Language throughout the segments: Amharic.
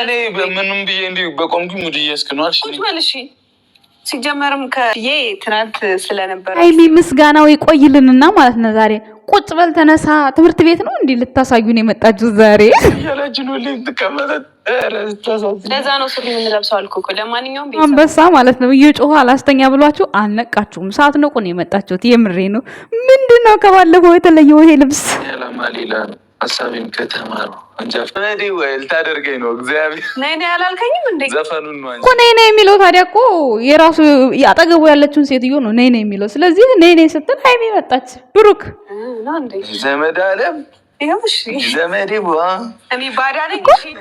እኔ ብዬ እንዲ በቆምኩ ሲጀመርም ከዬ ትናንት ስለነበረ ሀይሚ ምስጋናው ይቆይልንና ማለት ነው። ዛሬ ቁጭ በል ተነሳ፣ ትምህርት ቤት ነው እንዲህ ልታሳዩን የመጣችሁ ዛሬ ለዛ ነው ሱሪ የምንለብሰው አልኩ እኮ። ለማንኛውም አንበሳ ማለት ነው እየጮኸ አላስተኛ ብሏችሁ አልነቃችሁም። ሳትነቁ ነው የመጣችሁት። የምሬ ነው። ምንድን ነው ከባለፈው የተለየው ይሄ ልብስ? ሀሳቤን ከተማ ነው ልታደርገኝ ነው እግዚአብሔር ነይ ነይ አላልከኝም እንዴ? ዘፈኑን ነው እኮ ነይ ነይ የሚለው ታዲያ እኮ የራሱ አጠገቡ ያለችውን ሴትዮ ነው ነይ ነይ የሚለው። ስለዚህ ነይ ነይ ስትል ሀይሚ መጣች። ብሩክ ዘመድ አለም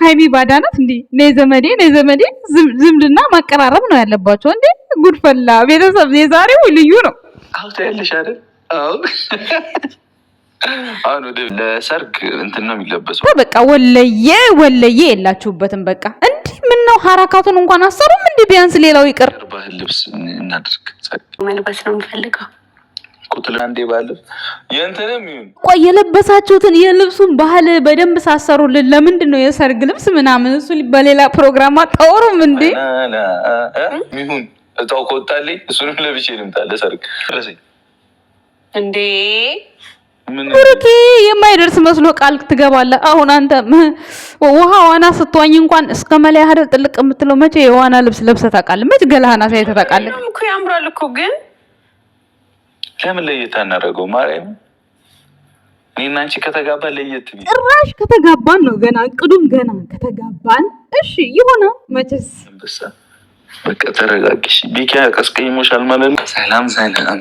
ሀይሚ ባዳነት እንዲ ነይ ዘመዴ ነይ ዘመዴ። ዝምድና ማቀራረብ ነው ያለባቸው። እንዴ ጉድፈላ ቤተሰብ የዛሬው ልዩ ነው። አሁን ታያለሽ አይደል? አሁን ለሰርግ እንትን ነው የሚለበሰው። በቃ ወለየ ወለየ የላችሁበትም። በቃ እንዲህ ምን ነው ሀራካቱን እንኳን አሰሩም። እንዲህ ቢያንስ ሌላው ይቅር ባህል ልብስ እናድርግ። መልበስ ነው የምፈልገው። ቆይ የለበሳችሁትን የልብሱን ባህል በደንብ ሳሰሩልን። ለምንድን ነው የሰርግ ልብስ ምናምን እሱ በሌላ ፕሮግራም አታወሩም እንዴ? እጣው ከወጣልኝ እሱንም ለብሼ ልምጣ ለሰርግ እንዴ ኩርቴ የማይደርስ መስሎ ቃል ትገባለ። አሁን አንተ ውሃ ዋና ስትዋኝ እንኳን እስከ መለያ አይደል ጥልቅ የምትለው? መቼ የዋና ልብስ ለብሰ ታውቃለህ? መቼ ገላህና ሳይ ታውቃለህ? እኮ ያምራል እኮ ግን ለምን ለየት አናደርገው? ማርያም እኔና አንቺ ከተጋባ ለየት ቢ ጭራሽ ከተጋባን ነው ገና እቅዱም ገና ከተጋባን እሺ ይሆነ መቼስ በቃ ተረጋግሽ ቢኪያ ቀስቀይሞሻል ማለት ነው። ሰላም ሰላም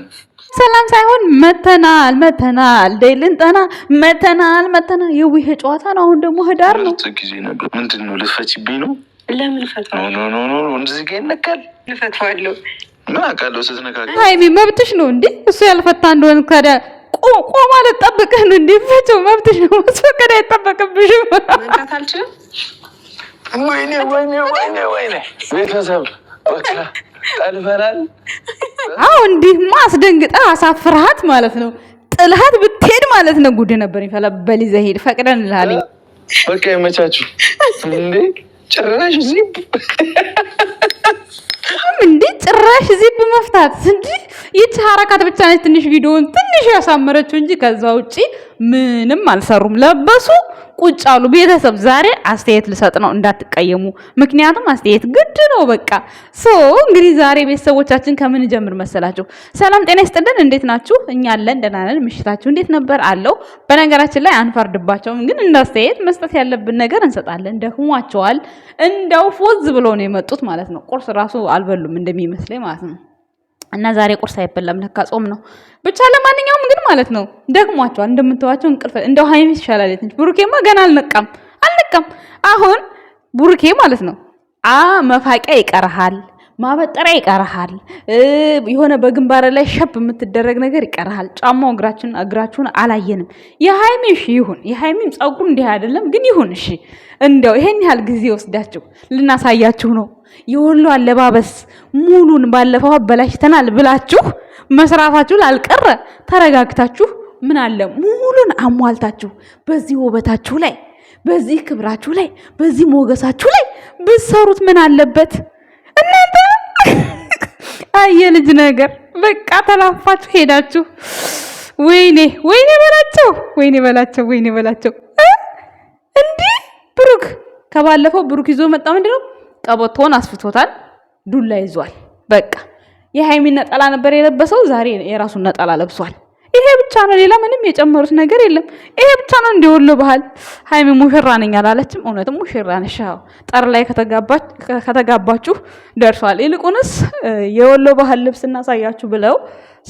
ሰላም ሳይሆን መተናል መተናል ልንጠና መተናል መተናል የው ይሄ ጨዋታ ነው። አሁን ደግሞ ህዳር ነው ጊዜ ነበር። ምንድን ነው ልትፈቺብኝ ነው? ለምን ፈታ እንደዚህ ይነካል? ልፈታዋለሁ። ምን አውቃለሁ ስትነካከል። ሀይሚ መብትሽ ነው እንዴ እሱ ያልፈታ እንደሆነ ታዲያ ቆ ማለት ጠብቀህ ነው እንዴ? ፈቸው መብትሽ ነው። ማስፈቀድ አይጠበቅብሽም። ወይኔ ወይኔ ወይኔ ወይኔ ቤተሰብ በቃ ጠልፈናል አዎ እንዲህማ አስደንግጠ አሳፍርሃት ማለት ነው። ጥልሃት ብትሄድ ማለት ነው ጉድ ነበር ይፈላ በሊዘ ሄድ ፈቅደን ልሃለኝ በቃ የመቻችሁ እንዴ ጭራሽ ዚብ እንዴ ጭራሽ ዚብ መፍታት እንዴ! ይቺ ሀረካት ብቻ ነች ትንሽ ቪዲዮውን ትንሽ ያሳመረችው እንጂ ከዛ ውጪ ምንም አልሰሩም። ለበሱ ቁጭ አሉ። ቤተሰብ ዛሬ አስተያየት ልሰጥ ነው እንዳትቀየሙ፣ ምክንያቱም አስተያየት ግድ ነው። በቃ ሶ እንግዲህ ዛሬ ቤተሰቦቻችን ከምን ጀምር መሰላችሁ? ሰላም ጤና ይስጥልን። እንዴት ናችሁ? እኛ አለን ደህና ነን። ምሽታችሁ እንዴት ነበር? አለው በነገራችን ላይ አንፈርድባቸውም፣ ግን አስተያየት መስጠት ያለብን ነገር እንሰጣለን። ደክሟቸዋል። እንደው ፎዝ ብሎ ነው የመጡት ማለት ነው። ቁርስ ራሱ አልበሉም እንደሚመስለኝ ማለት ነው። እና ዛሬ ቁርስ አይበላም ለካ ጾም ነው። ብቻ ለማንኛውም ግን ማለት ነው ደግሟቸዋል። እንደምትዋቸው እንቅልፍ እንደው ሀይሚ ይሻላል የትንሽ ብሩኬማ ገና አልነቃም አልነቃም። አሁን ብሩኬ ማለት ነው አ መፋቂያ ይቀርሃል ማበጠሪያ ይቀርሃል። የሆነ በግንባር ላይ ሸብ የምትደረግ ነገር ይቀርሃል። ጫማው እግራችን እግራችሁን አላየንም። የሀይሚ እሺ ይሁን፣ የሀይሚም ፀጉር እንዲህ አይደለም ግን ይሁን። እሺ እንደው ይሄን ያህል ጊዜ ወስዳችሁ ልናሳያችሁ ነው። የወሎ አለባበስ ሙሉን ባለፈው አበላሽተናል ብላችሁ መስራታችሁ ላልቀረ ተረጋግታችሁ ምን አለ ሙሉን አሟልታችሁ በዚህ ውበታችሁ ላይ በዚህ ክብራችሁ ላይ በዚህ ሞገሳችሁ ላይ ብትሰሩት ምን አለበት እናንተ? ልጅ ነገር በቃ ተላፋችሁ ሄዳችሁ። ወይኔ ወይኔ በላቸው ወይኔ በላቸው ወይኔ በላቸው። እንዲህ ብሩክ ከባለፈው ብሩክ ይዞ መጣ። ምንድነው ቀበቶውን አስፍቶታል፣ ዱላ ይዟል። በቃ የሃይሚን ነጠላ ነበር የለበሰው፣ ዛሬ የራሱን ነጠላ ለብሷል። ብቻ ነው፣ ሌላ ምንም የጨመሩት ነገር የለም። ይሄ ብቻ ነው ወሎ ባህል። ሀይሚ ሙሽራ ነኝ አላለችም። እውነትም ሙሽራ ነሽ። ጠር ላይ ከተጋባችሁ ደርሷል። ይልቁንስ የወሎ ባህል ልብስ እናሳያችሁ ብለው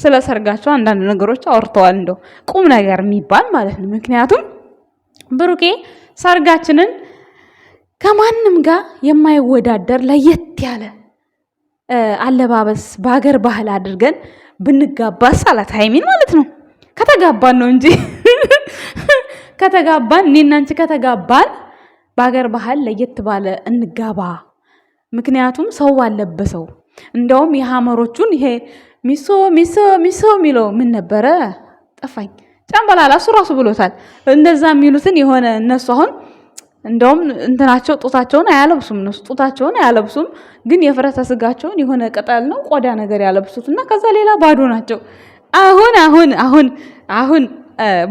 ስለ ሰርጋቸው አንዳንድ ነገሮች አውርተዋል። እንደው ቁም ነገር የሚባል ማለት ነው። ምክንያቱም ብሩኬ ሰርጋችንን ከማንም ጋር የማይወዳደር ለየት ያለ አለባበስ በሀገር ባህል አድርገን ብንጋባስ አላት ሀይሚን ማለት ነው። ከተጋባን ነው እንጂ ከተጋባን እኔና አንቺ ከተጋባን በሀገር ባህል ለየት ባለ እንጋባ። ምክንያቱም ሰው አለበሰው። እንደውም የሀመሮቹን ይሄ ሚሶ ሚሶ ሚሶ የሚለው ምን ነበረ ጠፋኝ። ጨምበላላ እሱ ራሱ ብሎታል። እንደዛ የሚሉትን የሆነ እነሱ አሁን እንደውም እንትናቸው ጡታቸውን አያለብሱም። እነሱ ጡታቸውን አያለብሱም፣ ግን የፍረተ ስጋቸውን የሆነ ቅጠል ነው ቆዳ ነገር ያለብሱት እና ከዛ ሌላ ባዶ ናቸው። አሁን አሁን አሁን አሁን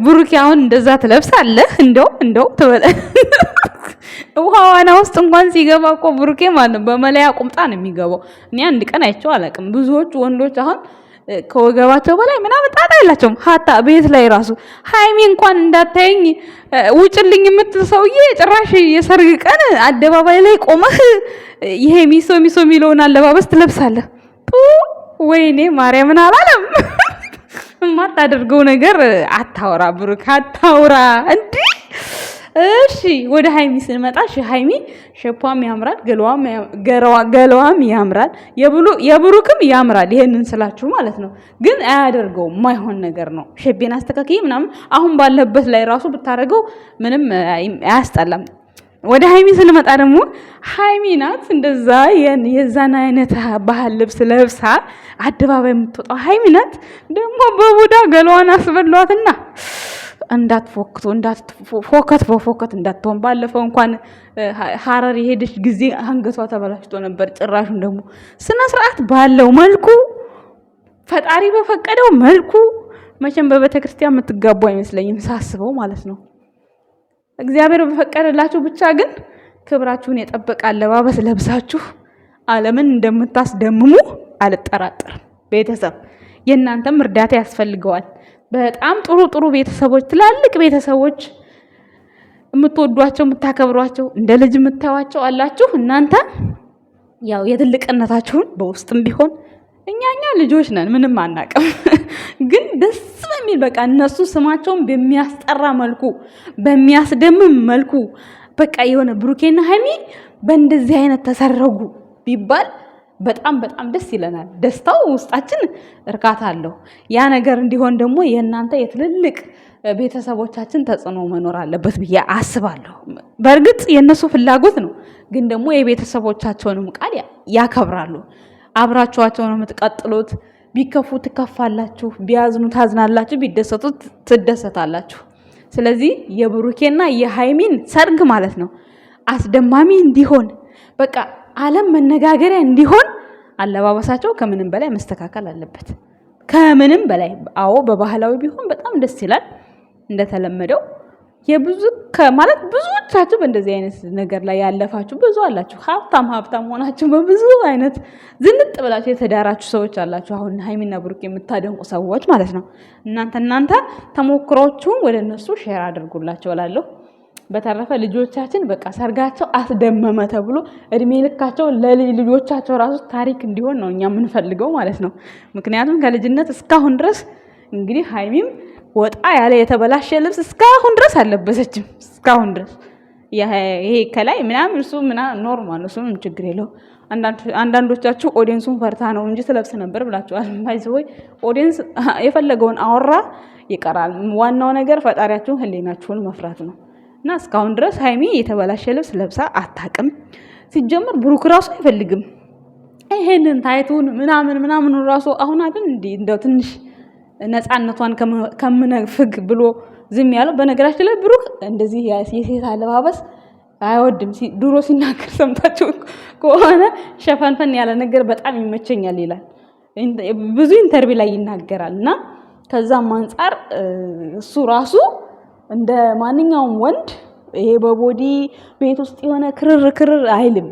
ብሩኬ አሁን እንደዛ ትለብሳለህ? እንደው እንደው ትበለ ውሃ ዋና ውስጥ እንኳን ሲገባ እኮ ብሩኬ ማለት ነው በመለያ ቁምጣ ነው የሚገባው። እኔ አንድ ቀን አይቼው አላውቅም። ብዙዎቹ ወንዶች አሁን ከወገባቸው በላይ ምናምን ጣጣ የላቸውም። ሀታ ቤት ላይ ራሱ ሀይሚ እንኳን እንዳታየኝ ውጭልኝ የምትል ሰውዬ ጭራሽ የሰርግ ቀን አደባባይ ላይ ቆመህ ይሄ ሚሶ ሚሶ የሚለውን አለባበስ ትለብሳለህ? ወይኔ ማርያምን አላለም። የማታደርገው ነገር አታውራ፣ ብሩክ አታውራ። እንዲህ እሺ፣ ወደ ሃይሚ ስንመጣ እሺ፣ ሃይሚ ሸፓም ያምራል፣ ገለዋም ያምራል፣ የብሩክም ያምራል። ይሄንን ስላችሁ ማለት ነው። ግን አያደርገውም፣ ማይሆን ነገር ነው። ሸቤን አስተካክይ ምናምን አሁን ባለበት ላይ ራሱ ብታደርገው ምንም አያስጠላም። ወደ ሀይሚ ስንመጣ ደግሞ ሀይሚ ናት እንደዛ የዛን አይነት ባህል ልብስ ለብሳ አደባባይ የምትወጣው ሀይሚ ናት። ደግሞ በቡዳ ገለዋን አስበሏትና እንዳትፎክቱ እንዳትፎከት በፎከት እንዳትሆን። ባለፈው እንኳን ሀረር የሄደች ጊዜ አንገቷ ተበላሽቶ ነበር። ጭራሹን ደግሞ ስነ ስርዓት ባለው መልኩ ፈጣሪ በፈቀደው መልኩ መቼም በቤተክርስቲያን የምትጋቡ አይመስለኝም ሳስበው ማለት ነው። እግዚአብሔር በፈቀደላችሁ ብቻ ግን ክብራችሁን የጠበቀ አለባበስ ለብሳችሁ ዓለምን እንደምታስደምሙ አልጠራጠርም። ቤተሰብ የእናንተም እርዳታ ያስፈልገዋል። በጣም ጥሩ ጥሩ ቤተሰቦች፣ ትላልቅ ቤተሰቦች የምትወዷቸው የምታከብሯቸው፣ እንደ ልጅ የምታዩዋቸው አላችሁ። እናንተ ያው የትልቅነታችሁን በውስጥም ቢሆን እኛ ልጆች ነን ምንም አናቅም፣ ግን የሚል በቃ እነሱ ስማቸውን በሚያስጠራ መልኩ በሚያስደምም መልኩ በቃ የሆነ ብሩኬና ሀይሚ በእንደዚህ አይነት ተሰረጉ ቢባል በጣም በጣም ደስ ይለናል። ደስታው ውስጣችን እርካታ አለው። ያ ነገር እንዲሆን ደግሞ የእናንተ የትልልቅ ቤተሰቦቻችን ተጽዕኖ መኖር አለበት ብዬ አስባለሁ። በእርግጥ የእነሱ ፍላጎት ነው፣ ግን ደግሞ የቤተሰቦቻቸውንም ቃል ያከብራሉ። አብራችኋቸው ነው የምትቀጥሉት። ቢከፉ ትከፋላችሁ፣ ቢያዝኑ ታዝናላችሁ፣ ቢደሰቱ ትደሰታላችሁ። ስለዚህ የብሩኬና የሃይሚን ሰርግ ማለት ነው አስደማሚ እንዲሆን በቃ ዓለም መነጋገሪያ እንዲሆን አለባበሳቸው ከምንም በላይ መስተካከል አለበት። ከምንም በላይ አዎ፣ በባህላዊ ቢሆን በጣም ደስ ይላል እንደተለመደው የብዙ ማለት ብዙዎቻችሁ በእንደዚህ አይነት ነገር ላይ ያለፋችሁ ብዙ አላችሁ። ሀብታም ሀብታም ሆናችሁ በብዙ አይነት ዝንጥ ብላችሁ የተዳራችሁ ሰዎች አላችሁ። አሁን ሀይሚና ብሩክ የምታደንቁ ሰዎች ማለት ነው። እናንተ እናንተ ተሞክሮችሁን ወደ እነሱ ሼር አድርጉላቸው እላለሁ። በተረፈ ልጆቻችን በቃ ሰርጋቸው አስደመመ ተብሎ እድሜ ልካቸው ለልጆቻቸው ራሱ ታሪክ እንዲሆን ነው እኛ የምንፈልገው ማለት ነው። ምክንያቱም ከልጅነት እስካሁን ድረስ እንግዲህ ሀይሚም ወጣ ያለ የተበላሸ ልብስ እስካሁን ድረስ አልለበሰችም። እስካሁን ድረስ ይሄ ከላይ ምናምን እሱ ምና ኖርማል፣ እሱም ችግር የለው። አንዳንዶቻችሁ ኦዲየንሱን ፈርታ ነው እንጂ ትለብስ ነበር ብላችኋል። ባይዘወይ ኦዲየንስ የፈለገውን አወራ ይቀራል። ዋናው ነገር ፈጣሪያችሁን ሕሊናችሁን መፍራት ነው እና እስካሁን ድረስ ሀይሚ የተበላሸ ልብስ ለብሳ አታቅም። ሲጀምር ብሩክ ራሱ አይፈልግም ይሄንን ታይቱን ምናምን ምናምን ራሱ አሁን አይደል እንደው ትንሽ ነፃነቷን ከምነፍግ ብሎ ዝም ያለው። በነገራችን ላይ ብሩክ እንደዚህ የሴት አለባበስ አይወድም። ድሮ ሲናገር ሰምታችሁ ከሆነ ሸፈንፈን ያለ ነገር በጣም ይመቸኛል ይላል። ብዙ ኢንተርቪው ላይ ይናገራል። እና ከዛም አንጻር እሱ ራሱ እንደ ማንኛውም ወንድ ይሄ በቦዲ ቤት ውስጥ የሆነ ክርር ክርር አይልም።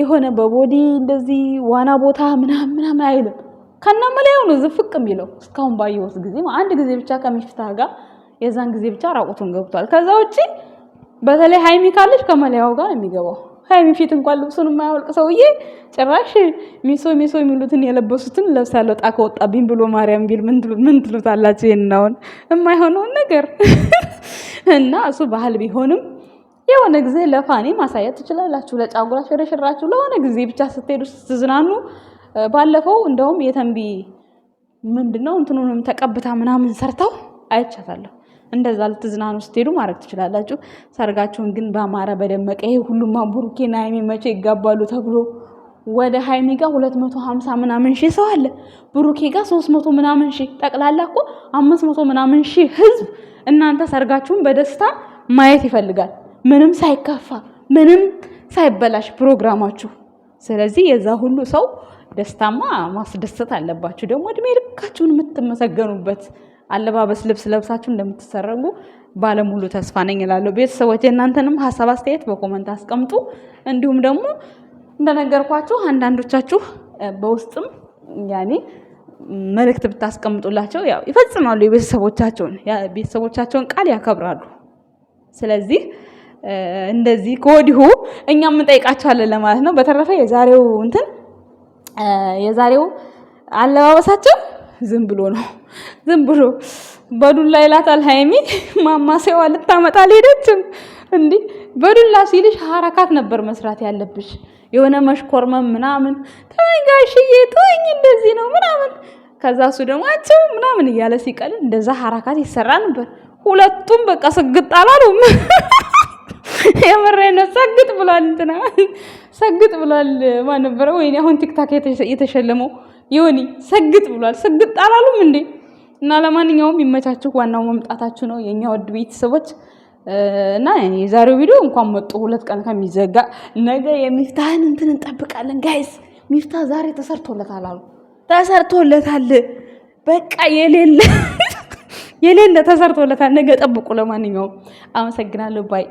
የሆነ በቦዲ እንደዚህ ዋና ቦታ ምናምን ምናምን አይልም። ከናመላው ነው ዝፍቅ የሚለው እስካሁን ባየሁት ጊዜ አንድ ጊዜ ብቻ ከሚፍታ ጋር የዛን ጊዜ ብቻ ራቁቱን ገብቷል። ከዛ ውጪ በተለይ ሃይሚ ካለች ከመለያው ጋር ነው የሚገባው። ሃይሚ ፊት እንኳን ልብሱን የማያወልቅ ሰውዬ ጭራሽ ሚሶ ሚሶ የሚሉትን የለበሱትን ለብሳለሁ ጣ ከወጣብኝ ብሎ ማርያም ቢል ምን ትሉታላችሁ? የናውን የማይሆነውን ነገር እና እሱ ባህል ቢሆንም የሆነ ጊዜ ለፋኔ ማሳየት ትችላላችሁ። ለጫጉላ ሽርሽራችሁ ለሆነ ጊዜ ብቻ ስትሄዱ ስትዝናኑ ባለፈው እንደውም የተንቢ ምንድነው እንትኑንም ተቀብታ ምናምን ሰርተው አይቻታለሁ። እንደዛ ልትዝናኑ ስትሄዱ ማድረግ ትችላላችሁ። ሰርጋችሁን ግን በአማረ በደመቀ ይሄ ሁሉማ ብሩኬና ሀይሚ መቼ ይጋባሉ ተብሎ ወደ ሀይሚ ጋር 250 ምናምን ሺህ ሰው አለ። ብሩኬ ጋር 300 ምናምን ሺህ ጠቅላላ እኮ 500 መቶ ምናምን ሺህ ህዝብ እናንተ ሰርጋችሁን በደስታ ማየት ይፈልጋል። ምንም ሳይከፋ ምንም ሳይበላሽ ፕሮግራማችሁ። ስለዚህ የዛ ሁሉ ሰው ደስታማ ማስደሰት አለባችሁ። ደግሞ እድሜ ልካችሁን የምትመሰገኑበት አለባበስ ልብስ ለብሳችሁ እንደምትሰረጉ ባለሙሉ ተስፋ ነኝ እላለሁ። ቤተሰቦች የእናንተንም ሀሳብ አስተያየት በኮመንት አስቀምጡ። እንዲሁም ደግሞ እንደነገርኳችሁ አንዳንዶቻችሁ በውስጥም ያኔ መልእክት ብታስቀምጡላቸው ያው ይፈጽማሉ። የቤተሰቦቻቸውን ቤተሰቦቻቸውን ቃል ያከብራሉ። ስለዚህ እንደዚህ ከወዲሁ እኛም እንጠይቃቸዋለን ለማለት ነው። በተረፈ የዛሬው እንትን የዛሬው አለባበሳቸው ዝም ብሎ ነው። ዝም ብሎ በዱላ ይላታል ሀይሚ። ማማሰያዋ ልታመጣ አልሄደችም። እንዲህ በዱላ ሲልሽ ሀረካት ነበር መስራት ያለብሽ። የሆነ መሽኮርመም ምናምን ተወኝ ጋሽዬ ተወኝ እንደዚህ ነው ምናምን ከዛ እሱ ደግሞ አቸው ምናምን እያለ ሲቀልል እንደዛ ሀረካት ይሰራ ነበር። ሁለቱም በቃ ስግጥ አላሉም። የምሬ ነው። ሰግጥ ብሏል እንትና ሰግጥ ብሏል። ማን ነበረ? ወይኔ አሁን ቲክታክ የተሸለመው ይሁኒ ሰግጥ ብሏል። ሰግጥ አላሉም እንዴ? እና ለማንኛውም ይመቻችሁ። ዋናው መምጣታችሁ ነው የኛ ወድ ቤተሰቦች። እና የዛሬው ቪዲዮ እንኳን መጡ ሁለት ቀን ከሚዘጋ ነገ የሚፍታህን እንትን እንጠብቃለን ጋይስ። ሚፍታህ ዛሬ ተሰርቶለታል አሉ ተሰርቶለታል። በቃ የሌለ የሌለ ተሰርቶለታል። ነገ ጠብቁ። ለማንኛውም አመሰግናለሁ ባይ